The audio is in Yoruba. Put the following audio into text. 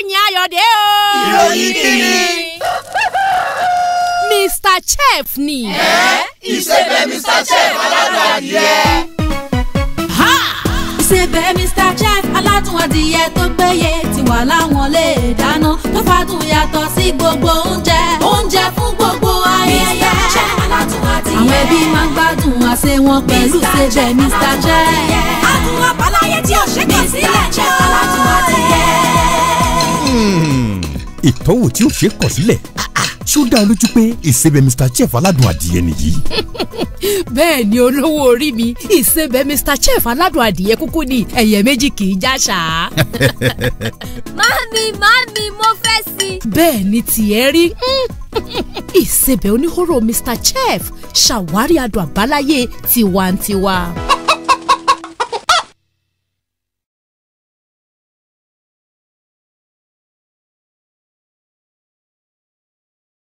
ìròyìn ayọ̀dẹ̀ o. ìròyìn kìíní. Mr Chef ni. ẹ ìṣèbẹ̀ Mr Chef aládùn adìyẹ. ìṣèbẹ̀ Mr Chef aládùn adìyẹ tó péye ti wà láwọn lè dáná tó fàdùn yàtọ̀ sí gbogbo oúnjẹ oúnjẹ fún gbogbo ayẹyẹ. Mr Chef aládùn adìyẹ. àwọn ẹbí máa ń gbádùn àsè wọn pẹ̀lú ìṣèbẹ̀ Mr Chef. Hmm. ìtọ́wò tí ò ṣe é kọ̀ sílẹ̀ ṣó dá lójú pé ìsebẹ̀ mr chef aládùn adìyẹ nìyí. bẹ́ẹ̀ ni olówó orí mi ìsebẹ̀ mr chef aládùn adìyẹ kúkú ni ẹ̀yẹ méjì kì í já ṣá. mami mami mo fẹ́ sí. bẹ́ẹ̀ ni tiẹ̀ rí ìsebẹ̀ oníhóró mr chef ṣàwárí adùn àbáláyé tiwantiwa.